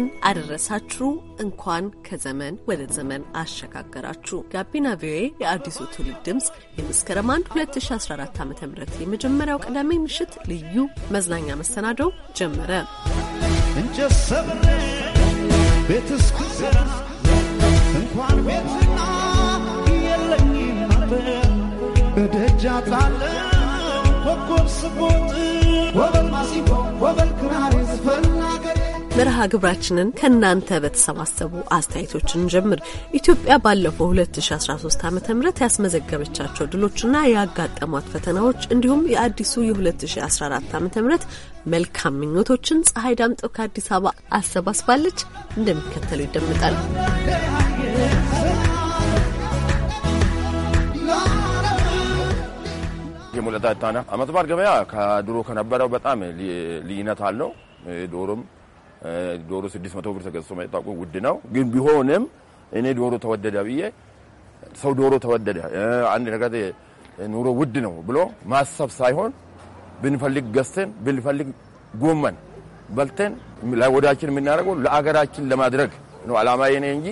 እንኳን አደረሳችሁ፣ እንኳን ከዘመን ወደ ዘመን አሸጋገራችሁ። ጋቢና ቪኦኤ የአዲሱ ትውልድ ድምፅ የመስከረም 1 2014 ዓ ም የመጀመሪያው ቅዳሜ ምሽት ልዩ መዝናኛ መሰናዶው ጀመረ። እንጨት ሰብሬ ቤት እንኳን ቤትና የለኝም በደጃ ጣለ ኮኮብ ስቦጥ ወበል ማሲቦ ወበል ክራሪ ዝፈና መርሃ ግብራችንን ከእናንተ በተሰባሰቡ አስተያየቶችን ጀምር። ኢትዮጵያ ባለፈው 2013 ዓ ም ያስመዘገበቻቸው ድሎችና ያጋጠሟት ፈተናዎች እንዲሁም የአዲሱ የ2014 ዓ ም መልካም ምኞቶችን ፀሐይ ዳምጠው ከአዲስ አበባ አሰባስባለች። እንደሚከተለው ይደምጣል። የሙለታ ታና አመት በዓል ገበያ ከድሮ ከነበረው በጣም ልዩነት አለው። ዶሮም ዶሮ 600 ብር ተገዝቶ መጣቁ ውድ ነው። ግን ቢሆንም እኔ ዶሮ ተወደደ ብዬ ሰው ዶሮ ተወደደ አንድ ነገር ኑሮ ውድ ነው ብሎ ማሰብ ሳይሆን ብንፈልግ ገዝተን ብንፈልግ ጎመን በልተን ለወዳችን የምናደርገው ለአገራችን ለማድረግ ነው አላማ የኔ እንጂ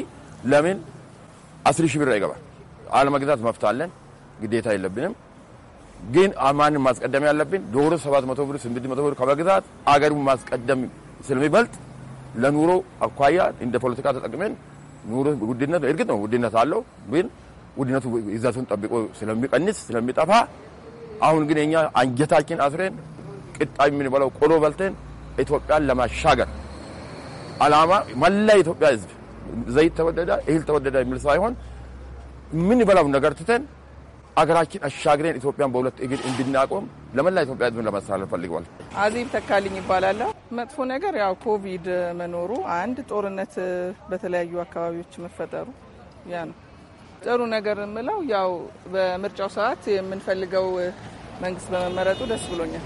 ለምን አስር ሺህ ብር አይገባል። አለመግዛት መፍታለን ግዴታ የለብንም። ግን ማንን ማስቀደም ያለብን ዶሮ 700 ብር ስምንት ብር ከመግዛት አገሩን ማስቀደም ስለሚበልጥ ለኑሮ አኳያ እንደ ፖለቲካ ተጠቅመን ኑሮ ውድነት እርግጥ ነው ውድነት አለው፣ ግን ውድነቱ ይዘቱን ጠብቆ ስለሚቀንስ ስለሚጠፋ፣ አሁን ግን እኛ አንጀታችን አስረን ቅጣ የምንበላው ቆሎ በልተን ኢትዮጵያን ለማሻገር አላማ መላ የኢትዮጵያ ህዝብ ዘይት ተወደደ እህል ተወደደ የሚል ሳይሆን የምንበላው ነገር ትተን አገራችን አሻግረን ኢትዮጵያን በሁለት እግር እንድናቆም ለመላ ኢትዮጵያ ህዝብን ለማስተላለፍ ፈልገዋል። አዜብ ተካልኝ ይባላለሁ። መጥፎ ነገር ያው ኮቪድ መኖሩ፣ አንድ ጦርነት በተለያዩ አካባቢዎች መፈጠሩ ያ ነው። ጥሩ ነገር የምለው ያው በምርጫው ሰዓት የምንፈልገው መንግስት በመመረጡ ደስ ብሎኛል።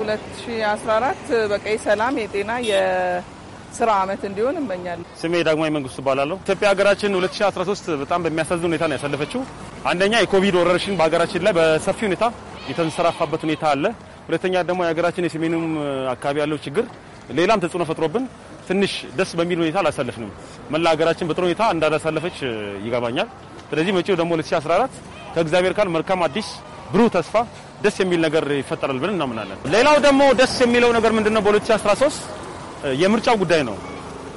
2014 በቀይ ሰላም የጤና የስራ አመት እንዲሆን እመኛለሁ። ስሜ ዳግማዊ መንግስቱ እባላለሁ። ኢትዮጵያ ሀገራችን 2013 በጣም በሚያሳዝን ሁኔታ ነው ያሳለፈችው። አንደኛ የኮቪድ ወረርሽኝ በሀገራችን ላይ በሰፊ ሁኔታ የተንሰራፋበት ሁኔታ አለ። ሁለተኛ ደግሞ የሀገራችን የሰሜኑም አካባቢ ያለው ችግር ሌላም ተጽዕኖ ፈጥሮብን ትንሽ ደስ በሚል ሁኔታ አላሳለፍንም። መላ ሀገራችን በጥሩ ሁኔታ እንዳላሳለፈች ይገባኛል። ስለዚህ መጪው ደግሞ 2014 ከእግዚአብሔር ካል መልካም አዲስ ብሩህ ተስፋ ደስ የሚል ነገር ይፈጠራል ብለን እናምናለን። ሌላው ደግሞ ደስ የሚለው ነገር ምንድነው? በ2013 የምርጫው ጉዳይ ነው።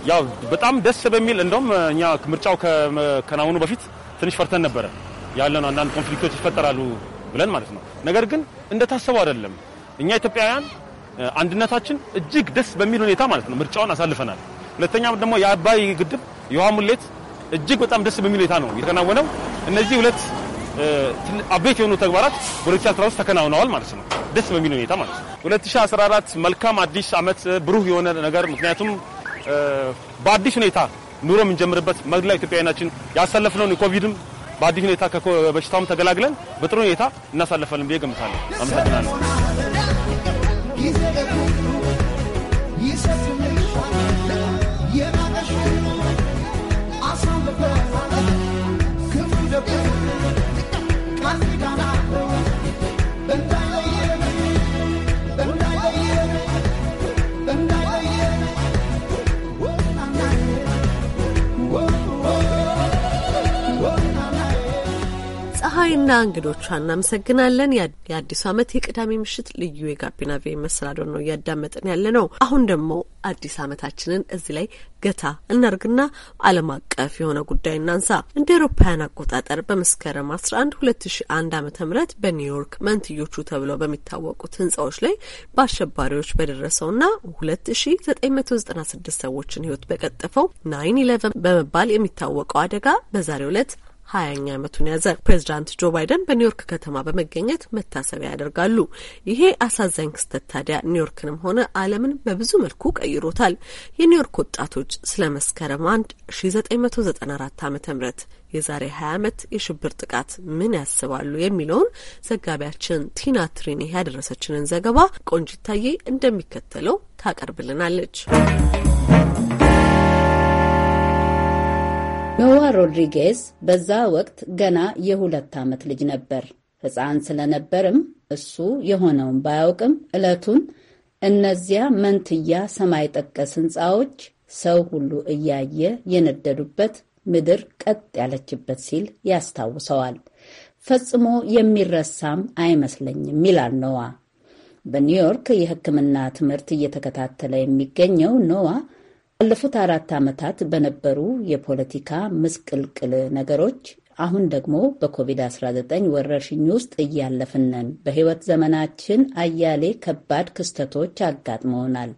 ያው በጣም ደስ በሚል እንደውም እኛ ምርጫው ከመከናወኑ በፊት ትንሽ ፈርተን ነበረ። ያለን አንዳንድ ኮንፍሊክቶች ይፈጠራሉ ብለን ማለት ነው። ነገር ግን እንደታሰበው አይደለም። እኛ ኢትዮጵያውያን አንድነታችን እጅግ ደስ በሚል ሁኔታ ማለት ነው ምርጫውን አሳልፈናል። ሁለተኛም ደግሞ የአባይ ግድብ የውሃ ሙሌት እጅግ በጣም ደስ በሚል ሁኔታ ነው የተከናወነው። እነዚህ ሁለት አበይት የሆኑ ተግባራት በ2013 ተከናውነዋል ማለት ነው፣ ደስ በሚል ሁኔታ ማለት ነው። 2014 መልካም አዲስ ዓመት ብሩህ የሆነ ነገር ምክንያቱም በአዲስ ሁኔታ ኑሮ የምንጀምርበት መላ ኢትዮጵያዊናችን ያሳለፍነውን የኮቪድም በአዲስ ሁኔታ በሽታውም ተገላግለን በጥሩ ሁኔታ እናሳልፋለን ብዬ ገምታለሁ። አመሰግናለሁ። ፀሐይና እንግዶቿ እናመሰግናለን። የአዲሱ ዓመት የቅዳሜ ምሽት ልዩ የጋቢና ቪ መሰናዶን ነው እያዳመጥን ያለ ነው። አሁን ደግሞ አዲስ ዓመታችንን እዚህ ላይ ገታ እናርግና ዓለም አቀፍ የሆነ ጉዳይ እናንሳ። እንደ ኤሮፓውያን አቆጣጠር በመስከረም 11 2001 ዓመተ ምህረት በኒውዮርክ መንትዮቹ ተብለው በሚታወቁት ህንጻዎች ላይ በአሸባሪዎች በደረሰውና 2996 ሰዎችን ህይወት በቀጠፈው ናይን ኢለቨን በመባል የሚታወቀው አደጋ በዛሬው ዕለት ሀያኛ ዓመቱን ያዘ። ፕሬዚዳንት ጆ ባይደን በኒውዮርክ ከተማ በመገኘት መታሰቢያ ያደርጋሉ። ይሄ አሳዛኝ ክስተት ታዲያ ኒውዮርክንም ሆነ ዓለምን በብዙ መልኩ ቀይሮታል። የኒውዮርክ ወጣቶች ስለ መስከረም አንድ ሺ ዘጠኝ መቶ ዘጠና አራት ዓመተ ምህረት የዛሬ ሀያ ዓመት የሽብር ጥቃት ምን ያስባሉ የሚለውን ዘጋቢያችን ቲና ትሪኒ ያደረሰችንን ዘገባ ቆንጂታዬ እንደሚከተለው ታቀርብልናለች። ኖዋ ሮድሪጌዝ በዛ ወቅት ገና የሁለት ዓመት ልጅ ነበር። ሕፃን ስለነበርም እሱ የሆነውን ባያውቅም ዕለቱን እነዚያ መንትያ ሰማይ ጠቀስ ሕንፃዎች ሰው ሁሉ እያየ የነደዱበት ምድር ቀጥ ያለችበት ሲል ያስታውሰዋል። ፈጽሞ የሚረሳም አይመስለኝም ይላል ኖዋ። በኒውዮርክ የሕክምና ትምህርት እየተከታተለ የሚገኘው ኖዋ ባለፉት አራት ዓመታት በነበሩ የፖለቲካ ምስቅልቅል ነገሮች አሁን ደግሞ በኮቪድ-19 ወረርሽኝ ውስጥ እያለፍነን በህይወት በሕይወት ዘመናችን አያሌ ከባድ ክስተቶች አጋጥመውናል።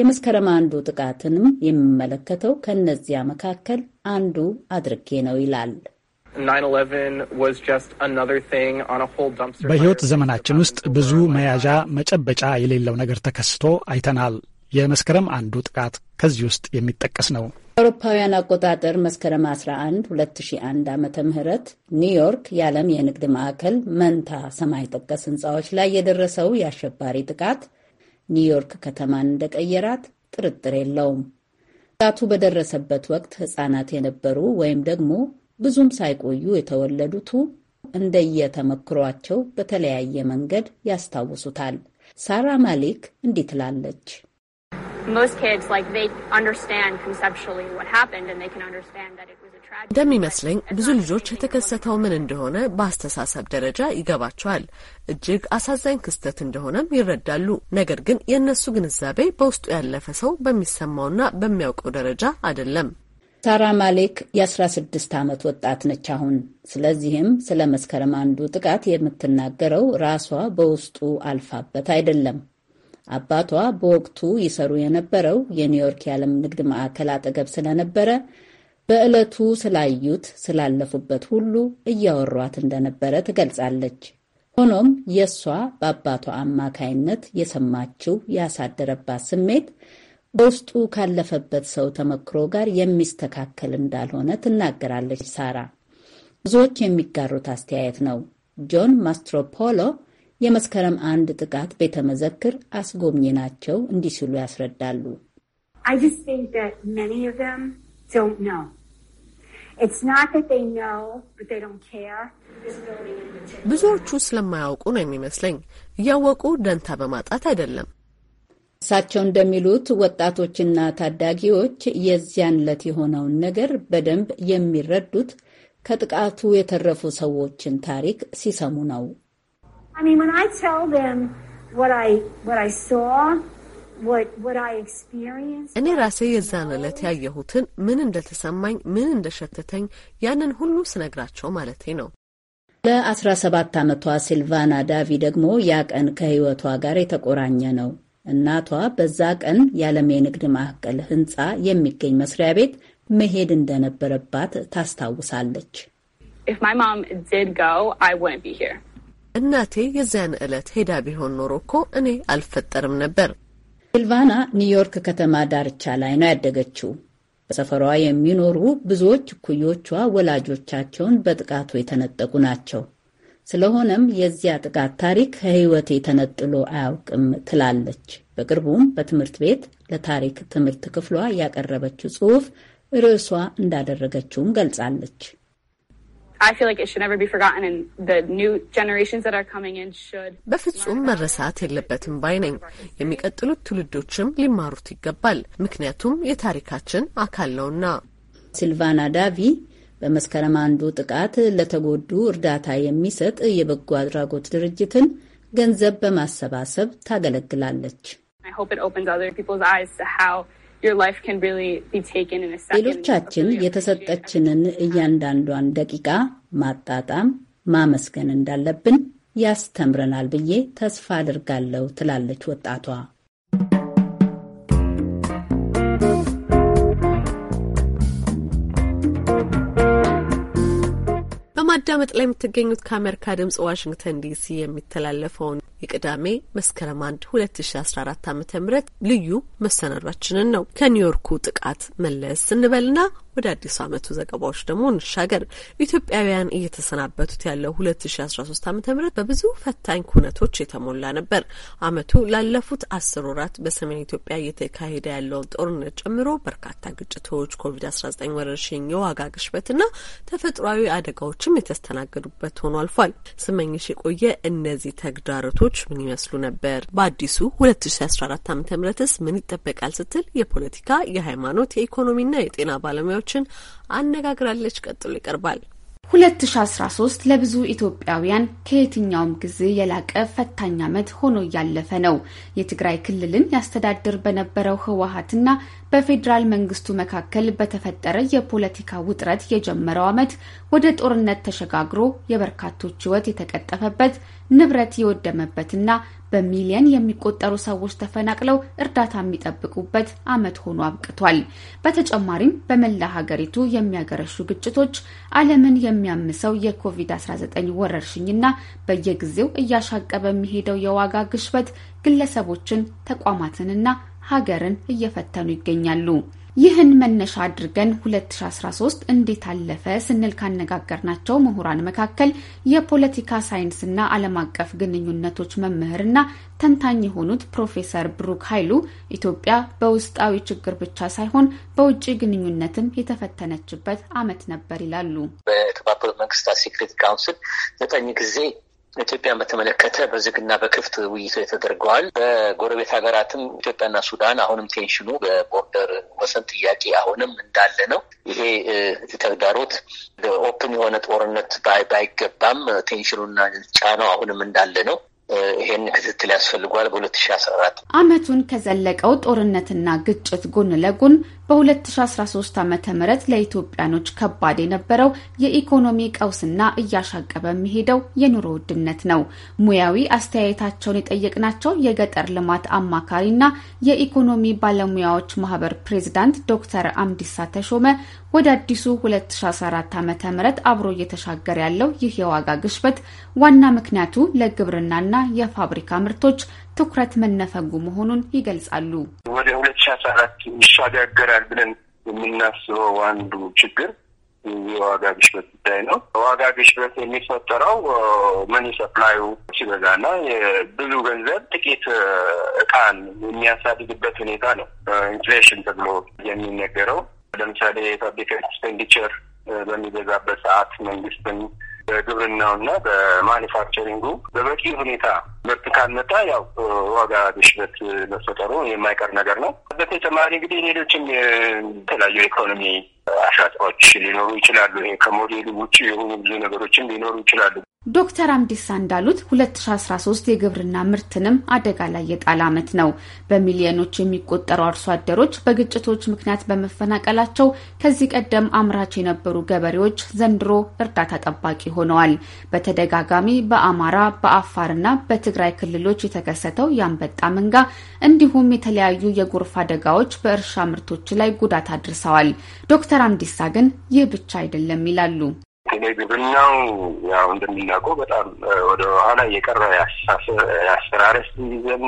የመስከረም አንዱ ጥቃትንም የምመለከተው ከእነዚያ መካከል አንዱ አድርጌ ነው ይላል። በሕይወት ዘመናችን ውስጥ ብዙ መያዣ መጨበጫ የሌለው ነገር ተከስቶ አይተናል። የመስከረም አንዱ ጥቃት ከዚህ ውስጥ የሚጠቀስ ነው። አውሮፓውያን አቆጣጠር መስከረም 11 2001 ዓ ም ኒውዮርክ የዓለም የንግድ ማዕከል መንታ ሰማይ ጠቀስ ህንፃዎች ላይ የደረሰው የአሸባሪ ጥቃት ኒውዮርክ ከተማን እንደቀየራት ጥርጥር የለውም። ጥቃቱ በደረሰበት ወቅት ህጻናት የነበሩ ወይም ደግሞ ብዙም ሳይቆዩ የተወለዱቱ እንደየተመክሯቸው በተለያየ መንገድ ያስታውሱታል። ሳራ ማሊክ እንዲህ ትላለች። እንደሚመስለኝ ብዙ ልጆች የተከሰተው ምን እንደሆነ በአስተሳሰብ ደረጃ ይገባቸዋል። እጅግ አሳዛኝ ክስተት እንደሆነም ይረዳሉ። ነገር ግን የእነሱ ግንዛቤ በውስጡ ያለፈ ሰው በሚሰማውና በሚያውቀው ደረጃ አይደለም። ሳራ ማሌክ የ16 ዓመት ወጣት ነች አሁን። ስለዚህም ስለ መስከረም አንዱ ጥቃት የምትናገረው ራሷ በውስጡ አልፋበት አይደለም አባቷ በወቅቱ ይሰሩ የነበረው የኒውዮርክ የዓለም ንግድ ማዕከል አጠገብ ስለነበረ በዕለቱ ስላዩት ስላለፉበት ሁሉ እያወሯት እንደነበረ ትገልጻለች። ሆኖም የእሷ በአባቷ አማካይነት የሰማችው ያሳደረባት ስሜት በውስጡ ካለፈበት ሰው ተመክሮ ጋር የሚስተካከል እንዳልሆነ ትናገራለች። ሳራ ብዙዎች የሚጋሩት አስተያየት ነው። ጆን ማስትሮፖሎ የመስከረም አንድ ጥቃት ቤተ መዘክር ናቸው እንዲህ ሲሉ ያስረዳሉ። ብዙዎቹ ስለማያውቁ ነው የሚመስለኝ። እያወቁ ደንታ በማጣት አይደለም። እሳቸው እንደሚሉት ወጣቶችና ታዳጊዎች የዚያን ዕለት የሆነውን ነገር በደንብ የሚረዱት ከጥቃቱ የተረፉ ሰዎችን ታሪክ ሲሰሙ ነው። I mean, when I tell them what I, what I saw, እኔ ራሴ የዛን ዕለት ያየሁትን ምን እንደተሰማኝ፣ ምን እንደሸተተኝ ያንን ሁሉ ስነግራቸው ማለቴ ነው። ለ17 ዓመቷ ሲልቫና ዳቪ ደግሞ ያ ቀን ከህይወቷ ጋር የተቆራኘ ነው። እናቷ በዛ ቀን የዓለም የንግድ ማዕከል ህንፃ የሚገኝ መስሪያ ቤት መሄድ እንደነበረባት ታስታውሳለች። እናቴ የዚያን ዕለት ሄዳ ቢሆን ኖሮ እኮ እኔ አልፈጠርም ነበር። ሲልቫና ኒውዮርክ ከተማ ዳርቻ ላይ ነው ያደገችው። በሰፈሯ የሚኖሩ ብዙዎች እኩዮቿ ወላጆቻቸውን በጥቃቱ የተነጠቁ ናቸው። ስለሆነም የዚያ ጥቃት ታሪክ ከሕይወቴ የተነጥሎ አያውቅም ትላለች። በቅርቡም በትምህርት ቤት ለታሪክ ትምህርት ክፍሏ ያቀረበችው ጽሑፍ ርዕሷ እንዳደረገችውም ገልጻለች። በፍጹም መረሳት የለበትም ባይ ነኝ። የሚቀጥሉት ትውልዶችም ሊማሩት ይገባል፣ ምክንያቱም የታሪካችን አካል ነውና። ሲልቫና ዳቪ በመስከረም አንዱ ጥቃት ለተጎዱ እርዳታ የሚሰጥ የበጎ አድራጎት ድርጅትን ገንዘብ በማሰባሰብ ታገለግላለች። ሌሎቻችን የተሰጠችንን እያንዳንዷን ደቂቃ ማጣጣም፣ ማመስገን እንዳለብን ያስተምረናል ብዬ ተስፋ አድርጋለሁ ትላለች ወጣቷ። በማዳመጥ ላይ የምትገኙት ከአሜሪካ ድምጽ ዋሽንግተን ዲሲ የሚተላለፈውን የቅዳሜ መስከረም አንድ ሁለት ሺ አስራ አራት አመተ ምህረት ልዩ መሰናዷችንን ነው። ከኒውዮርኩ ጥቃት መለስ እንበልና ወደ አዲስ ዓመቱ ዘገባዎች ደግሞ እንሻገር። ኢትዮጵያውያን እየተሰናበቱት ያለው 2013 ዓ ም በብዙ ፈታኝ ኩነቶች የተሞላ ነበር። አመቱ ላለፉት አስር ወራት በሰሜን ኢትዮጵያ እየተካሄደ ያለውን ጦርነት ጨምሮ በርካታ ግጭቶች፣ ኮቪድ-19 ወረርሽኝ፣ የዋጋ ግሽበትና ተፈጥሯዊ አደጋዎችም የተስተናገዱበት ሆኖ አልፏል። ስመኝሽ የቆየ እነዚህ ተግዳሮቶች ምን ይመስሉ ነበር? በአዲሱ 2014 ዓ ምስ ምን ይጠበቃል ስትል የፖለቲካ የሃይማኖት፣ የኢኮኖሚና የጤና ባለሙያ ተወካዮችን አነጋግራለች። ቀጥሎ ይቀርባል። 2013 ለብዙ ኢትዮጵያውያን ከየትኛውም ጊዜ የላቀ ፈታኝ ዓመት ሆኖ እያለፈ ነው። የትግራይ ክልልን ያስተዳድር በነበረው ህወሀትና በፌዴራል መንግስቱ መካከል በተፈጠረ የፖለቲካ ውጥረት የጀመረው ዓመት ወደ ጦርነት ተሸጋግሮ የበርካቶች ህይወት የተቀጠፈበት ንብረት የወደመበትና በሚሊየን የሚቆጠሩ ሰዎች ተፈናቅለው እርዳታ የሚጠብቁበት ዓመት ሆኖ አብቅቷል። በተጨማሪም በመላ ሀገሪቱ የሚያገረሹ ግጭቶች፣ ዓለምን የሚያምሰው የኮቪድ-19 ወረርሽኝና በየጊዜው እያሻቀበ የሚሄደው የዋጋ ግሽበት ግለሰቦችን ተቋማትንና ሀገርን እየፈተኑ ይገኛሉ። ይህን መነሻ አድርገን 2013 እንዴት አለፈ ስንል ካነጋገርናቸው ምሁራን መካከል የፖለቲካ ሳይንስና ዓለም አቀፍ ግንኙነቶች መምህርና ተንታኝ የሆኑት ፕሮፌሰር ብሩክ ኃይሉ ኢትዮጵያ በውስጣዊ ችግር ብቻ ሳይሆን በውጭ ግንኙነትም የተፈተነችበት ዓመት ነበር ይላሉ። በተባበሩት መንግስታት ሴክሬት ካውንስል ዘጠኝ ጊዜ ኢትዮጵያን በተመለከተ በዝግና በክፍት ውይይቶ ተደርገዋል። በጎረቤት ሀገራትም ኢትዮጵያና ሱዳን አሁንም ቴንሽኑ በቦርደር ወሰን ጥያቄ አሁንም እንዳለ ነው። ይሄ ተግዳሮት ኦፕን የሆነ ጦርነት ባይገባም ቴንሽኑና ጫናው አሁንም እንዳለ ነው። ይሄን ክትትል ያስፈልጓል። በ2014 አመቱን ከዘለቀው ጦርነትና ግጭት ጎን ለጎን በ2013 ዓ ም ለኢትዮጵያኖች ከባድ የነበረው የኢኮኖሚ ቀውስና እያሻቀበ የሚሄደው የኑሮ ውድነት ነው። ሙያዊ አስተያየታቸውን የጠየቅናቸው የገጠር ልማት አማካሪና የኢኮኖሚ ባለሙያዎች ማህበር ፕሬዝዳንት ዶክተር አምዲሳ ተሾመ ወደ አዲሱ 2014 ዓ ም አብሮ እየተሻገረ ያለው ይህ የዋጋ ግሽበት ዋና ምክንያቱ ለግብርናና የፋብሪካ ምርቶች ትኩረት መነፈጉ መሆኑን ይገልጻሉ። ወደ ሁለት ሺህ አስራ አራት ይሻጋገራል ብለን የምናስበው አንዱ ችግር የዋጋ ግሽበት ጉዳይ ነው። ዋጋ ግሽበት የሚፈጠረው መኒ ሰፕላዩ ሲበዛና ብዙ ገንዘብ ጥቂት እቃን የሚያሳድግበት ሁኔታ ነው ኢንፍሌሽን ተብሎ የሚነገረው። ለምሳሌ የፐብሊክ ኤክስፔንዲቸር በሚበዛበት ሰዓት መንግስትን በግብርናውና በማኒፋክቸሪንጉ በበቂ ሁኔታ ምርት ካልመጣ ያው ዋጋ ግሽበት መፈጠሩ የማይቀር ነገር ነው። በተጨማሪ እንግዲህ ሌሎችም የተለያዩ ኢኮኖሚ አሻጥሮች ሊኖሩ ይችላሉ። ይሄ ከሞዴሉ ውጭ የሆኑ ብዙ ነገሮችም ሊኖሩ ይችላሉ። ዶክተር አምዲሳ እንዳሉት 2013 የግብርና ምርትንም አደጋ ላይ የጣለ ዓመት ነው። በሚሊዮኖች የሚቆጠሩ አርሶ አደሮች በግጭቶች ምክንያት በመፈናቀላቸው ከዚህ ቀደም አምራች የነበሩ ገበሬዎች ዘንድሮ እርዳታ ጠባቂ ሆነዋል። በተደጋጋሚ በአማራ በአፋርና በትግራይ ክልሎች የተከሰተው የአንበጣ መንጋ እንዲሁም የተለያዩ የጎርፍ አደጋዎች በእርሻ ምርቶች ላይ ጉዳት አድርሰዋል። ዶክተር አምዲሳ ግን ይህ ብቻ አይደለም ይላሉ። ቴሌ ግብርናው ያው እንደምናውቀው በጣም ወደ ኋላ የቀረ የአሰራረስ ይዘን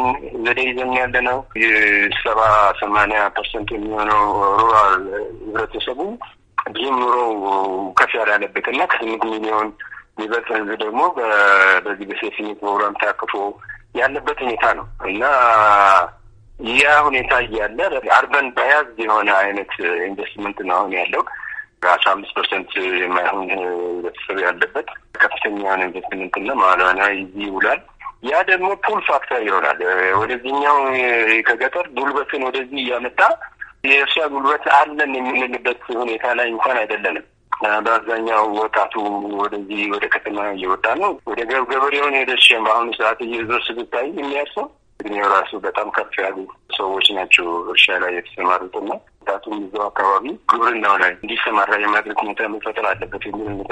ዘዴ ይዘን ያለ ነው። ሰባ ሰማንያ ፐርሰንት የሚሆነው ሩራል ህብረተሰቡ ብዙም ኑሮ ከፍ ያላለበት እና ከስምንት ሚሊዮን የሚበልጥ ህዝብ ደግሞ በዚህ በሴፍቲኔት ፕሮግራም ታቅፎ ያለበት ሁኔታ ነው እና ያ ሁኔታ እያለ አርበን በያዝ የሆነ አይነት ኢንቨስትመንት ነው አሁን ያለው አስራ አምስት ፐርሰንት የማይሆን ህብረተሰብ ያለበት ከፍተኛ ኢንቨስትመንት ኢንቨስትመንትና ማለና ይዚህ ይውላል። ያ ደግሞ ፑል ፋክተር ይሆናል። ወደዚህኛው ከገጠር ጉልበትን ወደዚህ እያመጣ የእርሻ ጉልበት አለን የምንልበት ሁኔታ ላይ እንኳን አይደለንም። በአብዛኛው ወጣቱ ወደዚህ ወደ ከተማ እየወጣ ነው። ወደ ገበሬውን ሄደሽ በአሁኑ ሰዓት እየዞር ብታይ የሚያርሰው እድሜው ራሱ በጣም ከፍ ያሉ ሰዎች ናቸው እርሻ ላይ የተሰማሩት እና ወጣቱም እዛው አካባቢ ግብርናው ላይ እንዲሰማራ የማድረግ ሁኔታ መፈጠር አለበት የሚል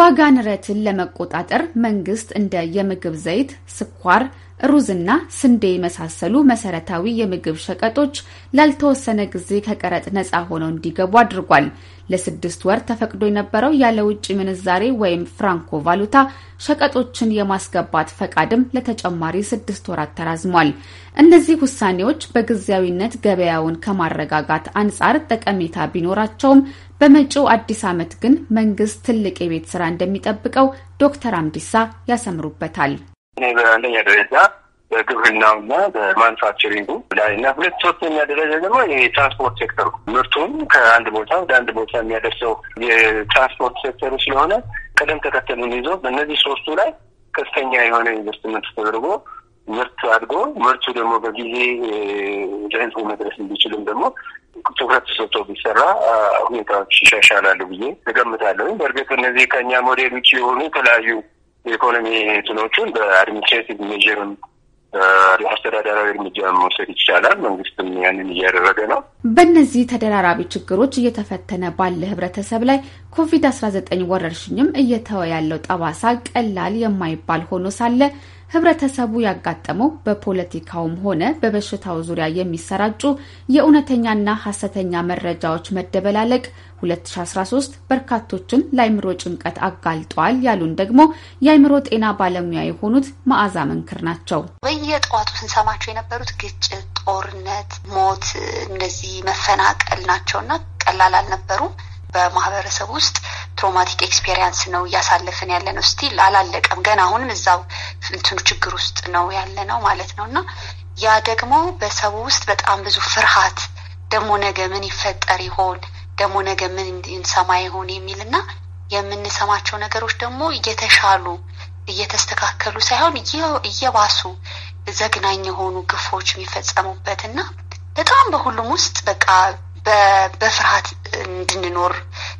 ዋጋ ንረትን ለመቆጣጠር መንግስት እንደ የምግብ ዘይት፣ ስኳር ሩዝና ስንዴ የመሳሰሉ መሰረታዊ የምግብ ሸቀጦች ላልተወሰነ ጊዜ ከቀረጥ ነጻ ሆነው እንዲገቡ አድርጓል። ለስድስት ወር ተፈቅዶ የነበረው ያለ ውጭ ምንዛሬ ወይም ፍራንኮ ቫሉታ ሸቀጦችን የማስገባት ፈቃድም ለተጨማሪ ስድስት ወራት ተራዝሟል። እነዚህ ውሳኔዎች በጊዜያዊነት ገበያውን ከማረጋጋት አንጻር ጠቀሜታ ቢኖራቸውም በመጪው አዲስ ዓመት ግን መንግስት ትልቅ የቤት ስራ እንደሚጠብቀው ዶክተር አምዲሳ ያሰምሩበታል። እኔ በአንደኛ ደረጃ በግብርናው በግብርናውና በማኑፋክቸሪንጉ ላይ እና ሁለት ሶስተኛ ደረጃ ደግሞ የትራንስፖርት ሴክተሩ ምርቱን ከአንድ ቦታ ወደ አንድ ቦታ የሚያደርሰው የትራንስፖርት ሴክተሩ ስለሆነ ቀደም ተከተሉን ይዞ በእነዚህ ሶስቱ ላይ ከፍተኛ የሆነ ኢንቨስትመንት ተደርጎ ምርት አድጎ ምርቱ ደግሞ በጊዜ ለህዝቡ መድረስ እንዲችልም ደግሞ ትኩረት ሰጥቶ ቢሰራ ሁኔታዎች ይሻሻላሉ ብዬ እገምታለሁ። በእርግጥ እነዚህ ከእኛ ሞዴል ውጭ የሆኑ የተለያዩ የኢኮኖሚ እንትኖቹን በአድሚኒስትሬቲቭ ሜዥርም አስተዳደራዊ እርምጃ መውሰድ ይቻላል። መንግስትም ያንን እያደረገ ነው። በእነዚህ ተደራራቢ ችግሮች እየተፈተነ ባለ ህብረተሰብ ላይ ኮቪድ አስራ ዘጠኝ ወረርሽኝም እየተወ ያለው ጠባሳ ቀላል የማይባል ሆኖ ሳለ ህብረተሰቡ ያጋጠመው በፖለቲካውም ሆነ በበሽታው ዙሪያ የሚሰራጩ የእውነተኛና ሀሰተኛ መረጃዎች መደበላለቅ 2013 በርካቶችን ለአይምሮ ጭንቀት አጋልጧል ያሉን ደግሞ የአይምሮ ጤና ባለሙያ የሆኑት መዓዛ መንክር ናቸው። በየጠዋቱ ስንሰማቸው የነበሩት ግጭት፣ ጦርነት፣ ሞት፣ እነዚህ መፈናቀል ናቸው እና ቀላል አልነበሩም። በማህበረሰብ ውስጥ ትሮማቲክ ኤክስፔሪንስ ነው እያሳለፍን ያለ ነው። ስቲል አላለቀም ገና አሁንም እዛው እንትኑ ችግር ውስጥ ነው ያለ ነው ማለት ነው እና ያ ደግሞ በሰው ውስጥ በጣም ብዙ ፍርሃት ደግሞ ነገ ምን ይፈጠር ይሆን ደግሞ ነገ ምን እንሰማ ይሆን የሚል የምንሰማቸው ነገሮች ደግሞ እየተሻሉ እየተስተካከሉ ሳይሆን እየባሱ ዘግናኝ የሆኑ ግፎች የሚፈጸሙበት እና በጣም በሁሉም ውስጥ በቃ በፍርሃት እንድንኖር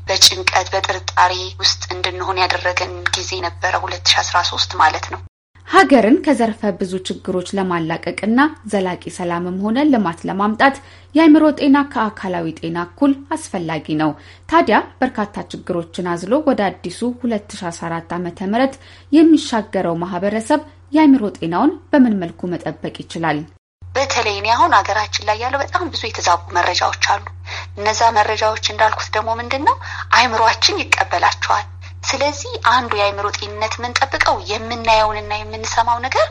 በጭንቀት በጥርጣሬ ውስጥ እንድንሆን ያደረገን ጊዜ ነበረ ሁለት ሺ አስራ ሶስት ማለት ነው። ሀገርን ከዘርፈ ብዙ ችግሮች ለማላቀቅና ዘላቂ ሰላምም ሆነ ልማት ለማምጣት የአእምሮ ጤና ከአካላዊ ጤና እኩል አስፈላጊ ነው። ታዲያ በርካታ ችግሮችን አዝሎ ወደ አዲሱ 2014 ዓ ም የሚሻገረው ማህበረሰብ የአእምሮ ጤናውን በምን መልኩ መጠበቅ ይችላል? በተለይ እኔ አሁን ሀገራችን ላይ ያለው በጣም ብዙ የተዛቡ መረጃዎች አሉ። እነዛ መረጃዎች እንዳልኩት ደግሞ ምንድን ነው አእምሯችን ይቀበላቸዋል ስለዚህ አንዱ የአይምሮ ጤንነት የምንጠብቀው የምናየውንና የምንሰማው ነገር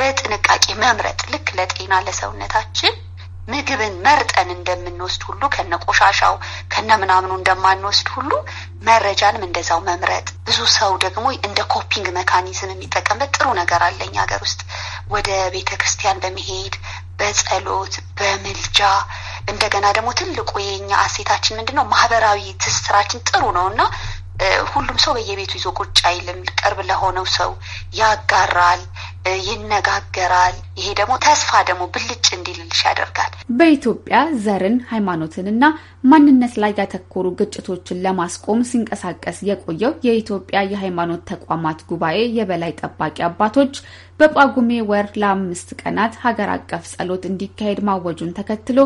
በጥንቃቄ መምረጥ ልክ ለጤና ለሰውነታችን ምግብን መርጠን እንደምንወስድ ሁሉ ከነ ቆሻሻው ከነ ምናምኑ እንደማንወስድ ሁሉ መረጃንም እንደዛው መምረጥ። ብዙ ሰው ደግሞ እንደ ኮፒንግ መካኒዝም የሚጠቀምበት ጥሩ ነገር አለኝ ሀገር ውስጥ ወደ ቤተ ክርስቲያን በመሄድ በጸሎት በምልጃ እንደገና ደግሞ ትልቁ የኛ አሴታችን ምንድን ነው? ማህበራዊ ትስስራችን ጥሩ ነው እና ሁሉም ሰው በየቤቱ ይዞ ቁጭ አይልም። ቅርብ ለሆነው ሰው ያጋራል፣ ይነጋገራል። ይሄ ደግሞ ተስፋ ደግሞ ብልጭ እንዲል እንዲመልሽ ያደርጋል። በኢትዮጵያ ዘርን፣ ሃይማኖትንና ማንነት ላይ ያተኮሩ ግጭቶችን ለማስቆም ሲንቀሳቀስ የቆየው የኢትዮጵያ የሃይማኖት ተቋማት ጉባኤ የበላይ ጠባቂ አባቶች በጳጉሜ ወር ለአምስት ቀናት ሀገር አቀፍ ጸሎት እንዲካሄድ ማወጁን ተከትሎ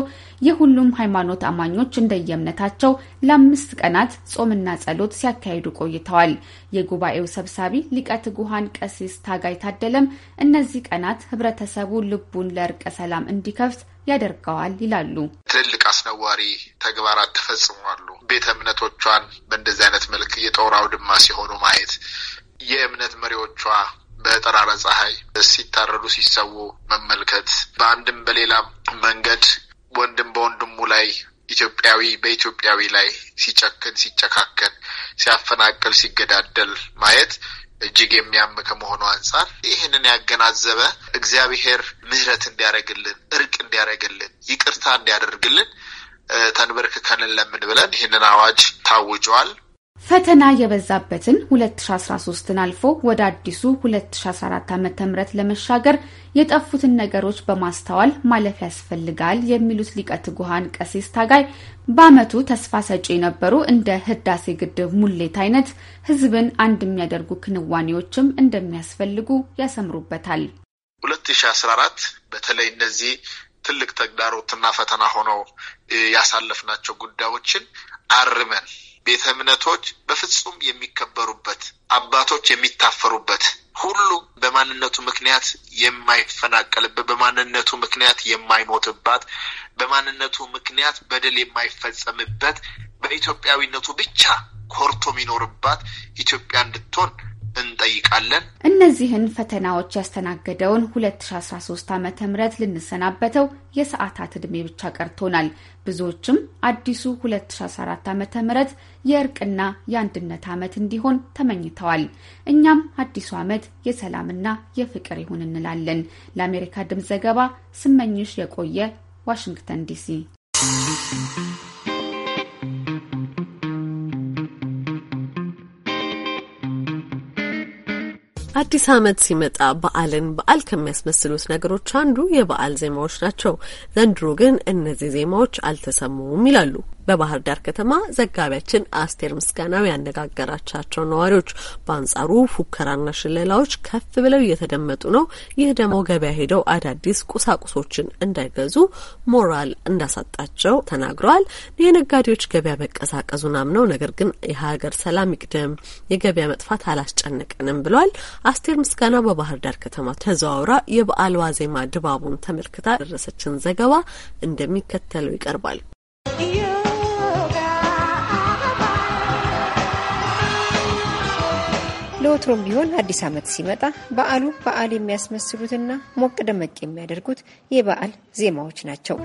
የሁሉም ሃይማኖት አማኞች እንደየእምነታቸው ለአምስት ቀናት ጾምና ጸሎት ሲያካሂዱ ቆይተዋል። የጉባኤው ሰብሳቢ ሊቀ ትጉሃን ቀሲስ ታጋይ ታደለም እነዚህ ቀናት ህብረተሰቡ ልቡን ለእርቀ ሰላም እንዲከፍት ያደርገዋል ይላሉ። ትልልቅ አስነዋሪ ተግባራት ተፈጽሟሉ። ቤተ እምነቶቿን በእንደዚህ አይነት መልክ የጦር አውድማ ሲሆኑ ማየት፣ የእምነት መሪዎቿ በጠራረ ፀሐይ ሲታረዱ፣ ሲሰዉ መመልከት፣ በአንድም በሌላም መንገድ ወንድም በወንድሙ ላይ ኢትዮጵያዊ በኢትዮጵያዊ ላይ ሲጨክን፣ ሲጨካከን፣ ሲያፈናቅል፣ ሲገዳደል ማየት እጅግ የሚያም ከመሆኑ አንጻር ይህንን ያገናዘበ እግዚአብሔር ምሕረት እንዲያደርግልን፣ እርቅ እንዲያደርግልን፣ ይቅርታ እንዲያደርግልን ተንበርክከን ለምን ብለን ይህንን አዋጅ ታውጇል። ፈተና የበዛበትን 2013ን አልፎ ወደ አዲሱ 2014 ዓ.ም ለመሻገር የጠፉትን ነገሮች በማስተዋል ማለፍ ያስፈልጋል የሚሉት ሊቀ ትጉሃን ቀሲስ ታጋይ በዓመቱ ተስፋ ሰጪ የነበሩ እንደ ህዳሴ ግድብ ሙሌት አይነት ህዝብን አንድ የሚያደርጉ ክንዋኔዎችም እንደሚያስፈልጉ ያሰምሩበታል። 2014 በተለይ እነዚህ ትልቅ ተግዳሮትና ፈተና ሆነው ያሳለፍናቸው ጉዳዮችን አርመን ቤተ እምነቶች በፍጹም የሚከበሩበት አባቶች የሚታፈሩበት ሁሉ በማንነቱ ምክንያት የማይፈናቀልበት በማንነቱ ምክንያት የማይሞትባት በማንነቱ ምክንያት በደል የማይፈጸምበት በኢትዮጵያዊነቱ ብቻ ኮርቶ የሚኖርባት ኢትዮጵያ እንድትሆን እንጠይቃለን። እነዚህን ፈተናዎች ያስተናገደውን 2013 ዓ ም ልንሰናበተው የሰዓታት ዕድሜ ብቻ ቀርቶናል። ብዙዎችም አዲሱ 2014 ዓ ም የእርቅና የአንድነት ዓመት እንዲሆን ተመኝተዋል። እኛም አዲሱ ዓመት የሰላምና የፍቅር ይሁን እንላለን። ለአሜሪካ ድምፅ ዘገባ ስመኝሽ የቆየ ዋሽንግተን ዲሲ አዲስ ዓመት ሲመጣ በዓልን በዓል ከሚያስመስሉት ነገሮች አንዱ የበዓል ዜማዎች ናቸው። ዘንድሮ ግን እነዚህ ዜማዎች አልተሰሙም ይላሉ በባህር ዳር ከተማ ዘጋቢያችን አስቴር ምስጋናው ያነጋገራቻቸው ነዋሪዎች በአንጻሩ ፉከራና ሽለላዎች ከፍ ብለው እየተደመጡ ነው። ይህ ደግሞ ገበያ ሄደው አዳዲስ ቁሳቁሶችን እንዳይገዙ ሞራል እንዳሳጣቸው ተናግረዋል። የነጋዴዎች ገበያ መቀዛቀዙን አምነው ነገር ግን የሀገር ሰላም ይቅደም፣ የገበያ መጥፋት አላስጨነቀንም ብሏል። አስቴር ምስጋናው በባህር ዳር ከተማ ተዘዋውራ የበዓል ዋዜማ ድባቡን ተመልክታ ደረሰችን ዘገባ እንደሚከተለው ይቀርባል። ለወትሮም ቢሆን አዲስ ዓመት ሲመጣ በዓሉ በዓል የሚያስመስሉትና ሞቅ ደመቅ የሚያደርጉት የበዓል ዜማዎች ናቸው።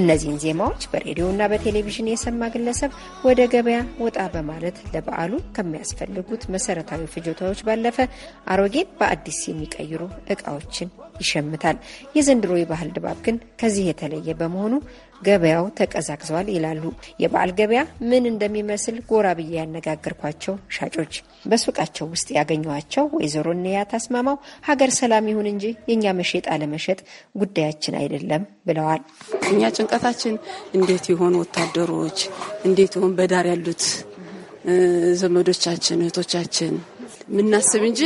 እነዚህን ዜማዎች በሬዲዮና በቴሌቪዥን የሰማ ግለሰብ ወደ ገበያ ወጣ በማለት ለበዓሉ ከሚያስፈልጉት መሰረታዊ ፍጆታዎች ባለፈ አሮጌን በአዲስ የሚቀይሩ እቃዎችን ይሸምታል። የዘንድሮ የባህል ድባብ ግን ከዚህ የተለየ በመሆኑ ገበያው ተቀዛቅዘዋል ይላሉ። የበዓል ገበያ ምን እንደሚመስል ጎራ ብዬ ያነጋገርኳቸው ሻጮች በሱቃቸው ውስጥ ያገኘኋቸው ወይዘሮ እንያ ታስማማው ሀገር ሰላም ይሁን እንጂ የእኛ መሸጥ አለመሸጥ ጉዳያችን አይደለም ብለዋል። እኛ ጭንቀታችን እንዴት ይሆን ወታደሮች፣ እንዴት ይሆን በዳር ያሉት ዘመዶቻችን፣ እህቶቻችን የምናስብ እንጂ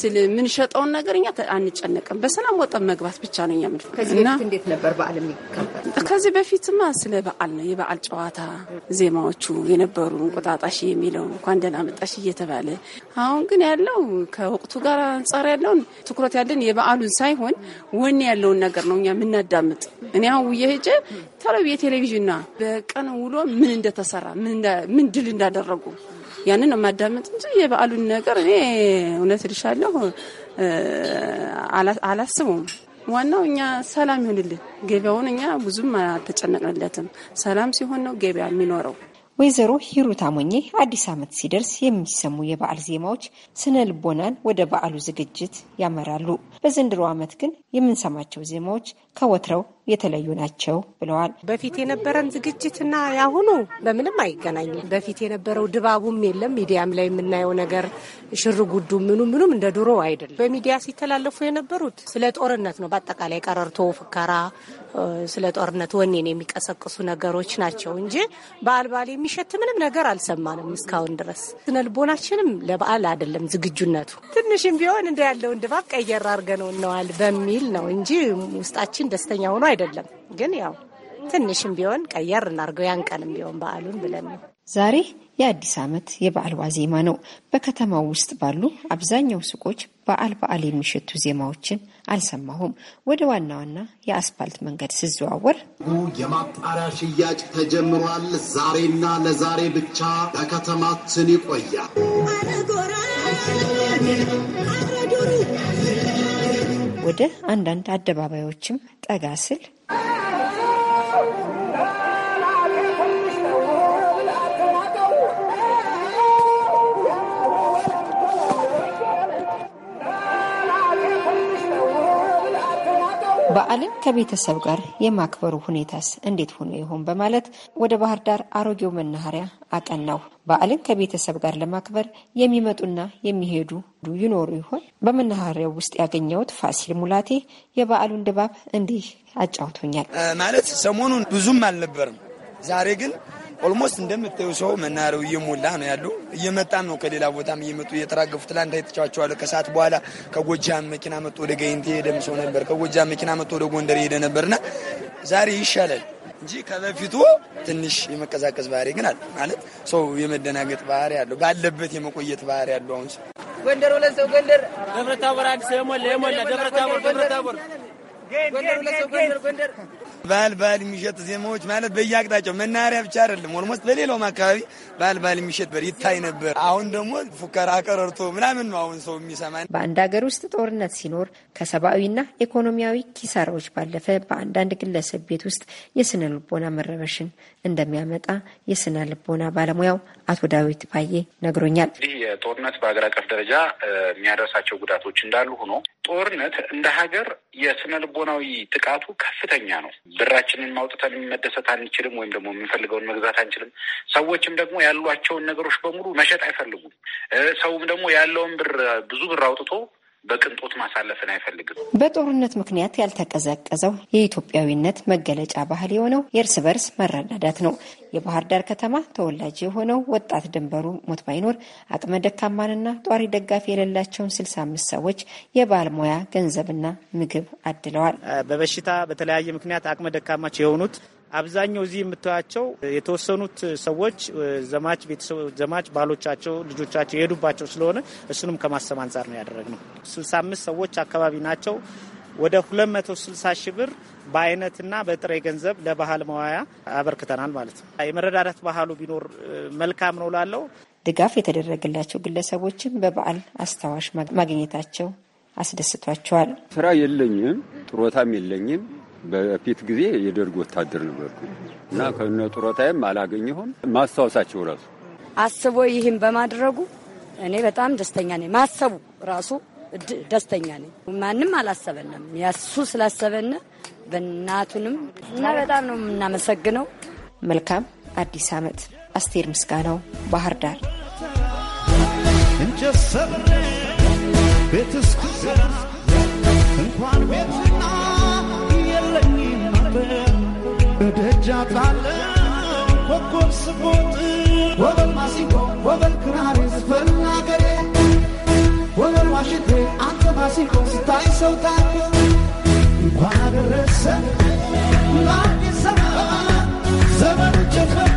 ስለምንሸጠውን ነገር እኛ አንጨነቅም። በሰላም ወጠን መግባት ብቻ ነው እኛ ምድ እንዴት ነበር በዓል የሚከበር? ከዚህ በፊትማ ስለ በዓል ነው የበዓል ጨዋታ ዜማዎቹ የነበሩ እንቁጣጣሽ የሚለው እንኳን ደህና መጣሽ እየተባለ አሁን ግን ያለው ከወቅቱ ጋር አንጻር ያለውን ትኩረት ያለን የበዓሉን ሳይሆን ወኔ ያለውን ነገር ነው እኛ የምናዳምጥ። እኔ አሁን ውዬ ሄጄ የቴሌቪዥንና በቀን ውሎ ምን እንደተሰራ ምን ድል እንዳደረጉ ያንን ነው የማዳመጥ እንጂ የበዓሉን ነገር እኔ እውነት ልሻለሁ አላስበውም። ዋናው እኛ ሰላም ይሁንልን። ገበያውን እኛ ብዙም አልተጨነቅንለትም። ሰላም ሲሆን ነው ገበያ የሚኖረው። ወይዘሮ ሂሩት አሞኜ አዲስ ዓመት ሲደርስ የሚሰሙ የበዓል ዜማዎች ስነ ልቦናን ወደ በዓሉ ዝግጅት ያመራሉ። በዘንድሮ ዓመት ግን የምንሰማቸው ዜማዎች ከወትረው የተለዩ ናቸው ብለዋል። በፊት የነበረን ዝግጅትና ያሁኑ በምንም አይገናኝም። በፊት የነበረው ድባቡም የለም። ሚዲያም ላይ የምናየው ነገር ሽር ጉዱ ምኑ ምኑም እንደ ድሮ አይደለም። በሚዲያ ሲተላለፉ የነበሩት ስለ ጦርነት ነው። በአጠቃላይ ቀረርቶ፣ ፉከራ፣ ስለ ጦርነት ወኔን የሚቀሰቅሱ ነገሮች ናቸው እንጂ በዓል በዓል የሚሸት ምንም ነገር አልሰማንም እስካሁን ድረስ። ስነልቦናችንም ለበዓል አይደለም ዝግጁነቱ። ትንሽም ቢሆን እንደ ያለውን ድባብ ቀየር አድርገነው ነዋል በሚል ነው እንጂ ውስጣችን ደስተኛ ሆኖ አይደለም፣ ግን ያው ትንሽም ቢሆን ቀየር እናርገው ያን ቀንም ቢሆን በዓሉን ብለን ነው። ዛሬ የአዲስ ዓመት የበዓል ዋዜማ ነው። በከተማው ውስጥ ባሉ አብዛኛው ሱቆች በዓል በዓል የሚሸቱ ዜማዎችን አልሰማሁም። ወደ ዋና ዋና የአስፋልት መንገድ ስዘዋወር የማጣሪያ ሽያጭ ተጀምሯል። ዛሬና ለዛሬ ብቻ በከተማችን ይቆያል። ወደ አንዳንድ አደባባዮችም ጠጋ ስል በዓልን ከቤተሰብ ጋር የማክበሩ ሁኔታስ እንዴት ሆኖ ይሆን በማለት ወደ ባህር ዳር አሮጌው መናኸሪያ አቀናው። በዓልን ከቤተሰብ ጋር ለማክበር የሚመጡና የሚሄዱ ይኖሩ ይሆን? በመናኸሪያው ውስጥ ያገኘሁት ፋሲል ሙላቴ የበዓሉን ድባብ እንዲህ አጫውቶኛል። ማለት ሰሞኑን ብዙም አልነበርም። ዛሬ ግን ኦልሞስት እንደምታየው ሰው መናኸሪያው እየሞላ ነው ያለው። እየመጣን ነው ከሌላ ቦታም እየመጡ እየተራገፉ። ትላንት አይተቻቸዋለሁ። ከሰዓት በኋላ ከጎጃም መኪና መጥቶ ወደ ጋይንት የሄደም ሰው ነበር። ከጎጃም መኪና መጥቶ ወደ ጎንደር የሄደ ነበርና ዛሬ ይሻላል እንጂ ከበፊቱ ትንሽ የመቀዛቀዝ ባህሪ ግን አለ። ማለት ሰው የመደናገጥ ባህሪ አለው፣ ባለበት የመቆየት ባህሪ አለው። አሁን ሰው ጎንደር ሁለት ሰው ጎንደር ደብረታቦር አዲስ የሞላ የሞላ ደብረታቦር ደብረታቦር ባህል ባህል የሚሸጥ ዜማዎች ማለት በየአቅጣጫው መናኸሪያ ብቻ አይደለም። ኦልሞስት በሌላውም አካባቢ ባህል ባህል የሚሸጥ በር ይታይ ነበር። አሁን ደግሞ ፉከራ ቀረርቶ ምናምን ነው አሁን ሰው የሚሰማ። በአንድ ሀገር ውስጥ ጦርነት ሲኖር ከሰብአዊና ኢኮኖሚያዊ ኪሳራዎች ባለፈ በአንዳንድ ግለሰብ ቤት ውስጥ የስነ ልቦና መረበሽን እንደሚያመጣ የስነ ልቦና ባለሙያው አቶ ዳዊት ባዬ ነግሮኛል። እንግዲህ ጦርነት በሀገር አቀፍ ደረጃ የሚያደርሳቸው ጉዳቶች እንዳሉ ሆኖ ጦርነት እንደ ሀገር የስነ ልቦናዊ ጥቃቱ ከፍተኛ ነው። ብራችንን ማውጥተን መደሰት አንችልም፣ ወይም ደግሞ የምንፈልገውን መግዛት አንችልም። ሰዎችም ደግሞ ያሏቸውን ነገሮች በሙሉ መሸጥ አይፈልጉም። ሰውም ደግሞ ያለውን ብር ብዙ ብር አውጥቶ በቅንጦት ማሳለፍን አይፈልግም። በጦርነት ምክንያት ያልተቀዘቀዘው የኢትዮጵያዊነት መገለጫ ባህል የሆነው የእርስ በርስ መረዳዳት ነው። የባህር ዳር ከተማ ተወላጅ የሆነው ወጣት ድንበሩ ሞት ባይኖር አቅመ ደካማንና ጧሪ ደጋፊ የሌላቸውን ስልሳ አምስት ሰዎች የባለሙያ ገንዘብና ምግብ አድለዋል። በበሽታ በተለያየ ምክንያት አቅመ ደካማች የሆኑት አብዛኛው እዚህ የምታያቸው የተወሰኑት ሰዎች ዘማች ቤተሰቦች፣ ዘማች ባሎቻቸው፣ ልጆቻቸው የሄዱባቸው ስለሆነ እሱንም ከማሰብ አንጻር ነው ያደረግነው። 65 ሰዎች አካባቢ ናቸው። ወደ 260 ሺህ ብር በአይነትና በጥሬ ገንዘብ ለባህል መዋያ አበርክተናል ማለት ነው። የመረዳዳት ባህሉ ቢኖር መልካም ነው ላለው ድጋፍ የተደረገላቸው ግለሰቦችም በበዓል አስታዋሽ ማግኘታቸው አስደስቷቸዋል። ስራ የለኝም፣ ጥሮታም የለኝም በፊት ጊዜ የደርግ ወታደር ነበርኩ እና ከነ ጡረታዬም አላገኘሁም። ማስታወሳቸው ራሱ አስቦ ይህን በማድረጉ እኔ በጣም ደስተኛ ነኝ። ማሰቡ ራሱ ደስተኛ ነኝ። ማንም አላሰበንም፣ ያሱ ስላሰበን በእናቱንም እና በጣም ነው የምናመሰግነው። መልካም አዲስ ዓመት። አስቴር ምስጋናው፣ ባህር ዳር። እንኳን ቤትና ወድጃታለው ኮኮብ ስቦጥ ወበል ማሲንቆ ወበል ክራሪ ዝፈን አገሬ ወበል ዋሽቴ አንተ ማሲንቆ ስታይ ሰው ታየ እንኳን አደረሰን ለአዲስ ዘመን ዘመኑ ጀመረ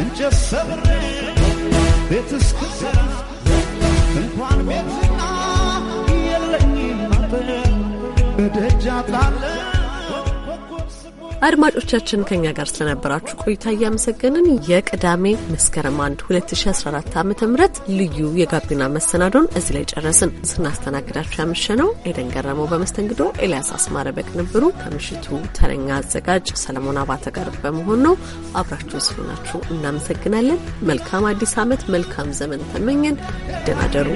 እንጨት ሰብሬ ቤት እስክሰራ እንኳን ቤትና የለኝም እደጃ ጣለ አድማጮቻችን ከኛ ጋር ስለነበራችሁ ቆይታ እያመሰገንን የቅዳሜ መስከረም 1 2014 ዓ ም ልዩ የጋቢና መሰናዶን እዚህ ላይ ጨረስን። ስናስተናግዳችሁ ነው ኤደን ገረመው በመስተንግዶ፣ ኤልያስ አስማረ በቅንብሩ ከምሽቱ ተረኛ አዘጋጅ ሰለሞን አባተ ጋር በመሆን ነው። አብራችሁ ስለሆናችሁ እናመሰግናለን። መልካም አዲስ ዓመት፣ መልካም ዘመን ተመኘን። ደናደሩ